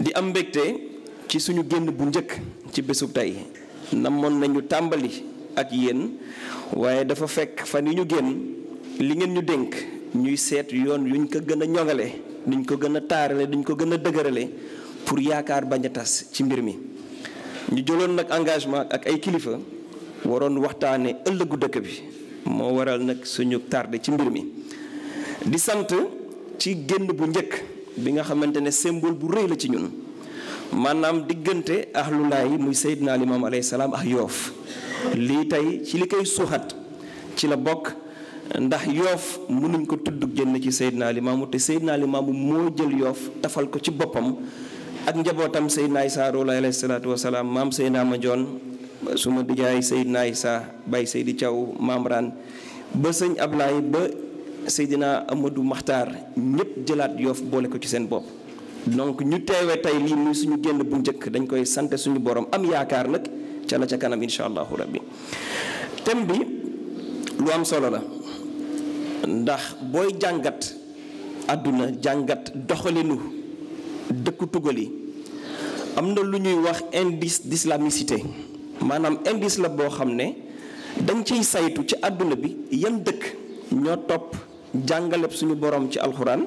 di am mbégte ci suñu génn bu njëkk ci bésu tey namoon nañu tàmbali ak yéen waaye dafa fekk fan yi ñu génn li ngeen ñu dénk ñuy seet yoon yuñ ko gën a ñoŋale duñ ko gën a taarale duñ ko gën a dëgërale pour yaakaar bañ a tas ci mbir mi ñu jëloon nag engagement ak ay kilifa waroon waxtaane ëllëgu dëkk bi moo waral nag suñu tardé ci mbir mi di sant ci génn bu njëkk bi nga xamante ne symbole bu rëy la ci ñun maanaam diggante ak ahlu laay muy Seydina Limaam alayhi salaam ak yoof lii tey ci li koy suuxat ci la bokk ndax yoof nuñ ko tudd génn ci Seydina Limaamu te Seydina Limaamu moo jël yoof tafal ko ci boppam ak njabootam Seydina Isaa roolaay alayhi salaatu salaam maam naa ma joon suma ma dijaay Seydina Isaa bay Seydi caw maam Raan ba sëñ Ablaay ba Seydina Amadou maxtar ñëpp jëlaat yoof boole ko ci seen bopp donc ñu teewee tey lii muy suñu génn bu njëkk dañ koy sant suñu borom am yaakaar nag ca la ca kanam insha allahu rabbi thème bi lu am solo la ndax booy jàngat àdduna jàngat doxalinu dëkku tugal yi am na lu ñuy wax indice d'islamicité maanaam indice la boo xam ne dañ ciy saytu ci àdduna bi yan dëkk ñoo topp jàngaleb suñu borom ci alxuraan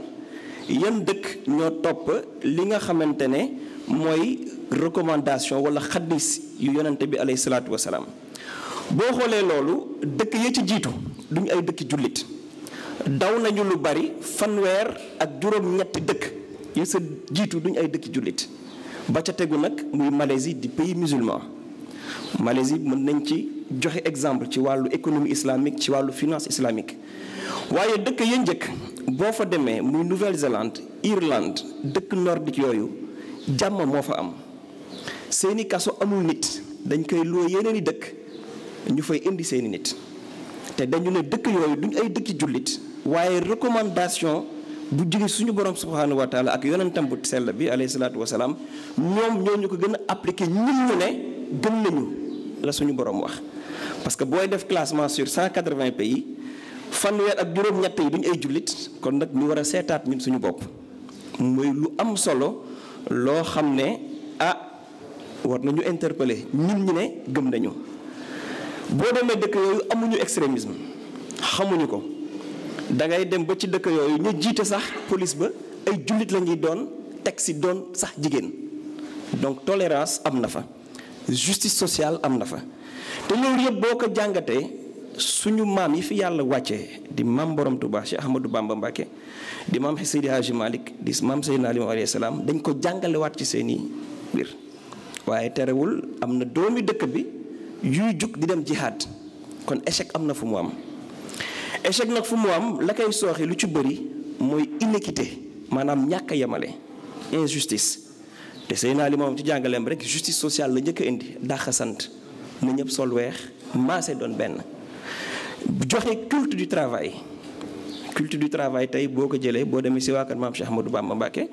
yan dëkk ñoo topp li nga xamante ne mooy recommandation wala xaddis yu yonente bi alayhi salaatu wasalaam boo xoolee loolu dëkk ya ci duñu ay dëkki jullit daw nañu lu bari fanweer ak juróom-ñetti dëkk sa jiitu duñu ay dëkki jullit ba ca tegu nag muy Malaisie di pays musulman Malaisie mën nañ ci joxe exemple ci wàllu économie islamique ci wàllu finance islamique waaye dëkk ya njëkk boo fa demee muy Nouvelle-Zélande Irlande dëkk nordique yooyu jàmm moo fa am seeni kaso amul nit dañ koy loo yeneen i dëkk ñu fay indi seeni nit te dañu ne dëkk yooyu duñ ay dëkki jullit waaye recommandation bu jóge suñu borom subhaanahu wa taala ak yonentam bu sell bi alayhi salaatu wasalaam ñoom ñoo ñu ko gën a appliqué ñun ñu ne gën nañu la suñu borom wax parce que booy def classement sur 180 pays fanweer ak juróom-ñett yi dañu ay jullit kon nag ñu war a seetaat ñun suñu bopp mooy lu am solo loo xam ne ah war nañu interpeller ñun ñu ne gëm nañu boo demee dëkk yooyu amuñu extrémisme xamuñu ko da ngay dem ba ci dëkk yooyu ñu jiite sax police ba ay jullit la ñuy doon teg si doon sax jigéen donc tolérance am na fa justice sociale am na fa te loolu yëpp boo ko jàngatee suñu maam yi fi yàlla wàcce di maam borom Tuubaa Cheikh Ahmadou Bamba Mbàkke di maam Seydi Haaji Malick di maam Seydina salaam dañ ko jàngalewaat ci seeni i waaye terewul am na doomi dëkk bi yuy jug di dem jihaad kon échec am na fu mu am échec na fu mu am la koy sooxe lu ci bëri mooy inéquité maanaam ñàkk a yemale injustice te Seydina Aliou moom ci jàngaleem rek justice sociale la njëkk indi dàq sant na ñëpp sol weex maase doon benn joxe culte du travail culte du travail tey boo ko jëlee boo demee si waa kër ma du Ahmadou Bamba Mbacké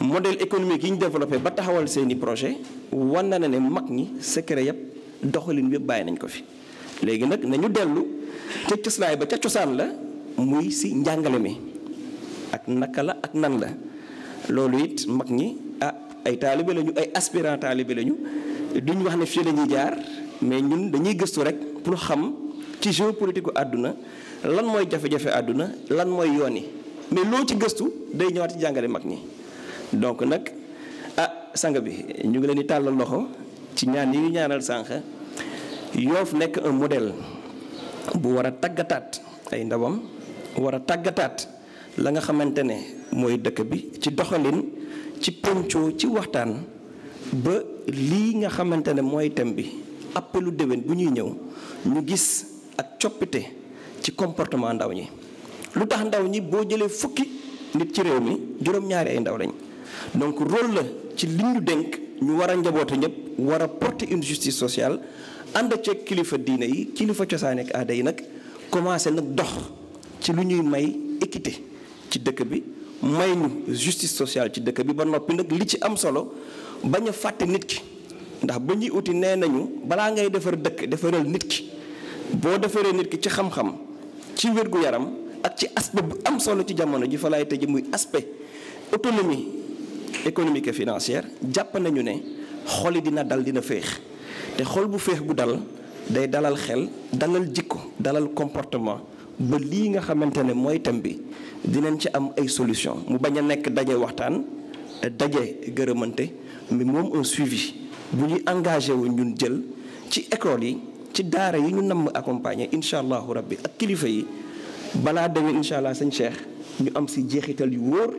modèle économique yi ñu développé ba taxawal seeni projet wan na ne mag ñi secret yëpp doxalin yëpp bàyyi nañ ko fi léegi nag nañu dellu ca cëslaay ba ca cosaan la muy si njàngale mi ak naka la ak nan la loolu it mag ñi ah ay taalibe lañu ay aspirant taalibe lañu duñ wax ne fii lañuy jaar mais ñun dañuy gëstu rek pour xam ci géopolitique gu àdduna lan mooy jafe-jafe àdduna lan mooy yoon yi mais loo ci gëstu day ñëwaat ci jàngale mag ni donc nag a ah, sang bi ñu ngi leen di tàllal loxo ci ñaan yi ñu ñaanal sànq Yoff nekk un modèle bu war a tàggataat ay ndawam war a tàggataat la nga xamante ne mooy dëkk bi ci doxalin ci pencoo ci waxtaan ba lii nga xamante ne mooy thème bi appelu déwén bu ñuy ñëw ñu gis ak coppite ci comportement ndaw ñi lu tax ndaw ñi boo jëlee fukki nit ci réew mi juróom-ñaari ay ndaw lañ donc rôle la ci li ñu dénk ñu war a njaboote ñëpp war a porter une justice sociale ànd ceeg kilifa diine yi kilifa cosaan ak aada yi nag commencé nag dox ci lu ñuy may équité ci dëkk bi may ñu justice sociale ci dëkk bi ba noppi nag li ci am solo bañ a fàtte nit ki ndax ba ñuy uti nee nañu balaa ngay defar dëkk defaral nit ki boo defaree nit ki ci xam-xam ci wér yaram ak ci aspect bu am solo ci jamono ji fa laay tëje muy aspect autonomie économique et financière jàpp nañu ne xoli dina dal dina féex te xol bu féex bu dal day dalal xel dalal jikko dalal comportement ba lii nga xamante ne mooy thème bi dinañ ci am ay solution mu bañ a nekk daje waxtaan daje gërëmante mi moom un suivi bu ñuy engagé wu ñun jël ci école yi ci daara yi ñu namm accompagner incha allahu rabbi ak kilifa yi balaa demee incha allah sëñ Cheikh ñu am si jeexital yu wóor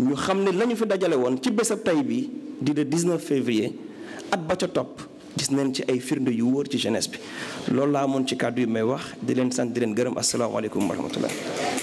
ñu xam ne lañu ñu fi dajale woon ci bésab tay bi di le 19 février at ba ca topp gis nañ ci ay firnde yu wóor ci jeunesse bi loolu laa amoon ci kàddu yi may wax di leen sant di leen gërëm asalaamaaleykum wa rahmatullah